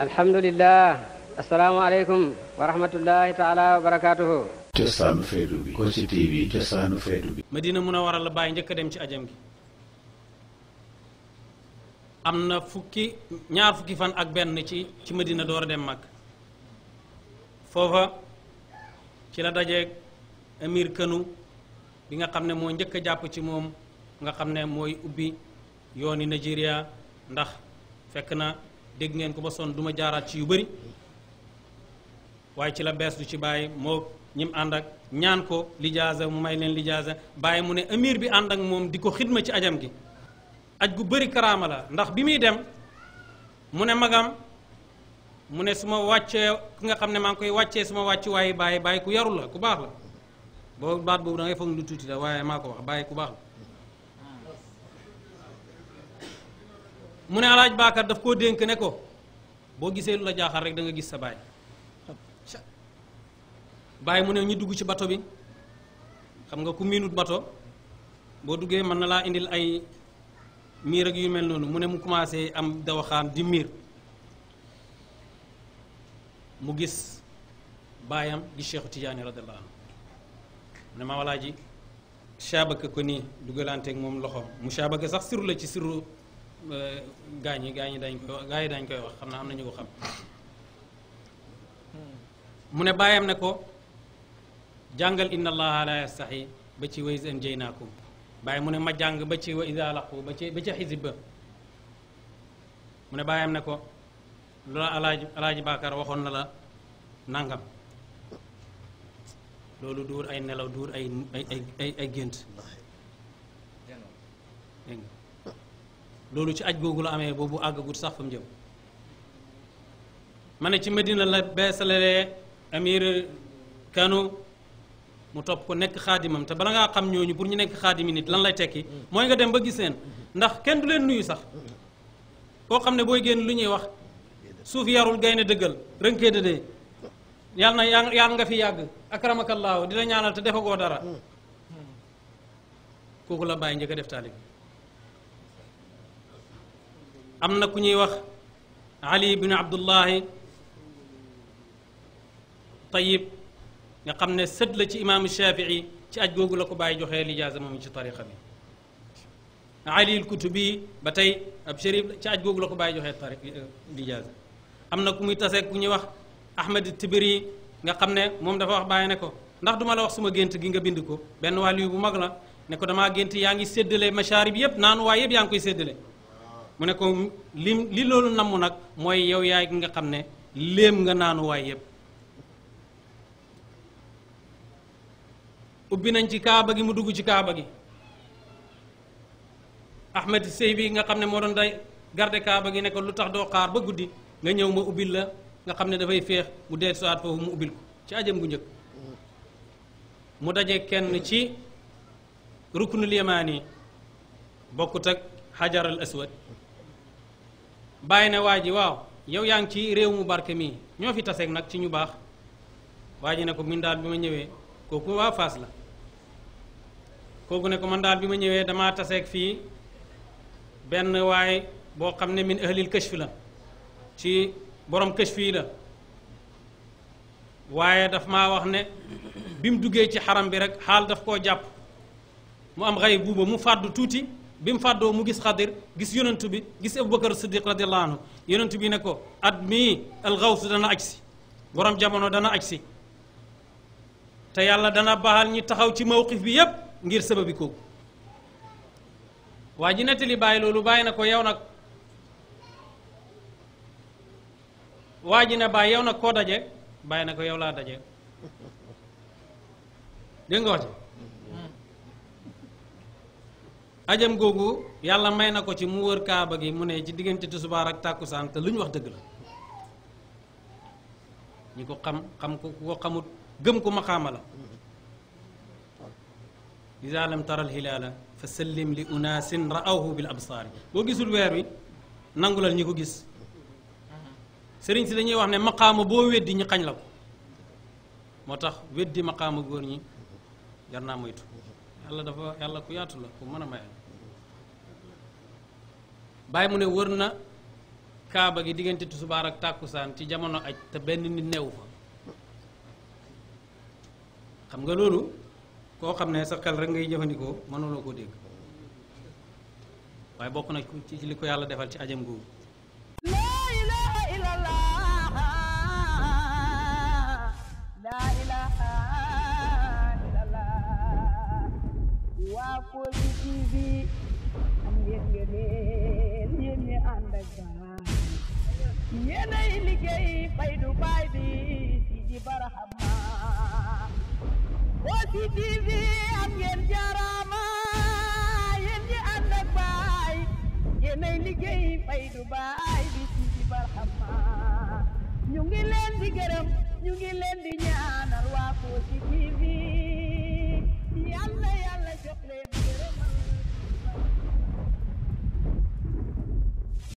alhamdulillah asalaamaaleykum wa rahmatullahi taala wa barakaatuhu cosaanu bi Kossy TV a waral la bàyyi njëkk dem ci ajam gi am na fukki ñaar fan ak benn ci ci Madina door a dem mag foofa ci la dajeeg amir kënu bi nga xam ne moo njëkk jàpp ci moom nga xam ne mooy ubbi yooni Nigeria ndax fekk na dégg ngeen ko ba sonn duma ma jaaraat ci yu bari waaye ci la bees du ci bàyyi moo ñim ànd ak ñaan ko lijaasa mu may leen lijaasa bàyyi mu ne amir bi ànd ak moom di ko xidma ci ajam gi aj gu bari karaama la ndax bi muy dem mu ne magam mu ne suma wàccee ki nga xam ne maa ngi koy wàccee suma ma wàcc waaye bàyyi bàyyi ku yaru la ku baax la boobu baat boobu da ngay foog lu tuuti la waaye maa ko wax bàyyi ku baax la mu ne alaaj baakar daf koo dénk ne ko boo gisee lu la jaaxal rek danga gis sa baay baay mu ne ñu dugg ci bato bi xam nga ku miinut bato boo duggee mën na laa indil ay miir ak yu mel noonu mu ne mu commencé am dawaxaan di miir mu gis baayam gis Cheikhu Tijaani radiyallahu anhu mu ne maa walaa ji saabaka ko nii dugalanteeg moom loxo mu saabaka sax siru la ci siru gaañ yi gaañ yi dañ ko dañ koy wax xam na am na ñu ko xam hmm. mu ne baayam ne ko jàngal inna allaha la yastaxi ba ci wa is an jaynaakum bàyyi mu ne ma jàng ba ci wa ida laqu ba ci ba xisib ba mu ne baayam ne ko loola alaaji alaaji baakar waxoon na la nangam loolu duur ay nelaw duur ay ay gént loolu ci aj googu la amee boobu àggagut sax fa mu jëm ma ne ci Medina la beesalalee amir Kano mu topp ko nekk xaadimam te bala ngaa xam ñooñu pour ñu nekk xaadimi nit lan lay tekki mooy nga dem ba gis leen ndax kenn du leen nuyu sax koo xam ne booy génn lu ñuy wax suuf yarul gaynde dëggal rënkee dëdee yàlla na yàlla nga fi yàgg akramakallaahu di la ñaanal te koo dara kooku la bàyyi njëkk a def taalib amna ku ñuy wax ali ibn abdullahi tayib nga xamne ne la ci imam shafii ci aj googu lako baye joxe joxee lijaasa ci tariqa bi ali al kutubi batay ab sharif ci aj googu lako baye joxe tariqa tari lijaasa ku muy tasse ku ñuy wax ahmed tibri nga xamne mom dafa wax baye ne ko ndax duma la wax suma gént gi nga bind ko ben wàll bu mag la ne ko dama gént yaangi seddelé masharib yeb yëpp way yeb yaa koy seddelé mu ne ko li li loolu namm nag mooy yow yaay ki nga xam ne léem nga naanuwaay yépp ubbi nañ ci kaaba gi mu dugg ci kaaba gi Ahmed Sey bi nga xam ne moo doon day garde kaaba gi ne ko lu tax doo xaar ba guddi nga ñëw ma ubbil la nga xam ne dafay féex mu dee soit foofu mu ubbil ko ci ajam gu njëkk mu daje kenn ci ruknul yamaani bokkut ak xajaral aswad bàyyi ne waa ji waaw yow yaa ngi ci réew mu barke mii ñoo fi taseeg nag ci ñu baax waa ji ne ko min daal bi ma ñëwee kooku waa fas la kooku ne ko man daal bi ma ñëwee damaa taseeg fii benn waay boo xam ne min ahlil fi la ci borom kës fii la waaye daf ma wax ne bi mu duggee ci xaram bi rek xaal daf koo jàpp mu am xay buuba mu fàdd tuuti bi mu fàddoo mu gis xadir gis yonent bi gis aboubacar siddiq radiallahu anhu yonent bi ne ko at mii alxawsu dana aj si borom jamono dana aj te yàlla dana baaxal ñi taxaw ci mawqif bi yépp ngir sababi kooku waa ji nettali bàyyi loolu bàyyi na ko yow nag waa ji ne bàyyi yow nag koo daje bàyyi na ko yow laa daje dégg nga wax ajam googu yàlla may na ko ci mu wër kaaba gi mu ne ci diggante tisbaar ak tàkkusaan te lu ñu wax dëgg la ñu ko xam xam ku ko xamut gëm ko maxaama la idaa taral tara alhilaala fa sallim li unaasin ra'awhu bil absaari boo gisul weer wi nangu la ñu ko gis sëriñ si dañuy wax ne maqaama boo weddi ñi xañ la ko moo tax weddi maqaama góor ñi jar naa moytu yàlla dafa yàlla ku yaatu la ku mën a mayal bàyyi mu ne wër na kaaba gi diggante tusubaar ak tàkkusaan ci jamono aj te benn nit newu fa xam nga loolu koo xam ne sa xel rek ngay jëfandikoo mënuloo koo dégg waaye bokk na ci li ko yàlla defal ci ajam googu lay liggéey fay du baay bi si ji barahama Kossy TV am ngeen jaarama yéen ñi ànd ak baay yéenay liggéey fay du baay bi si ji barahama ñu ngi leen di gërëm ñu ngi leen di ñaanal waa Kossy TV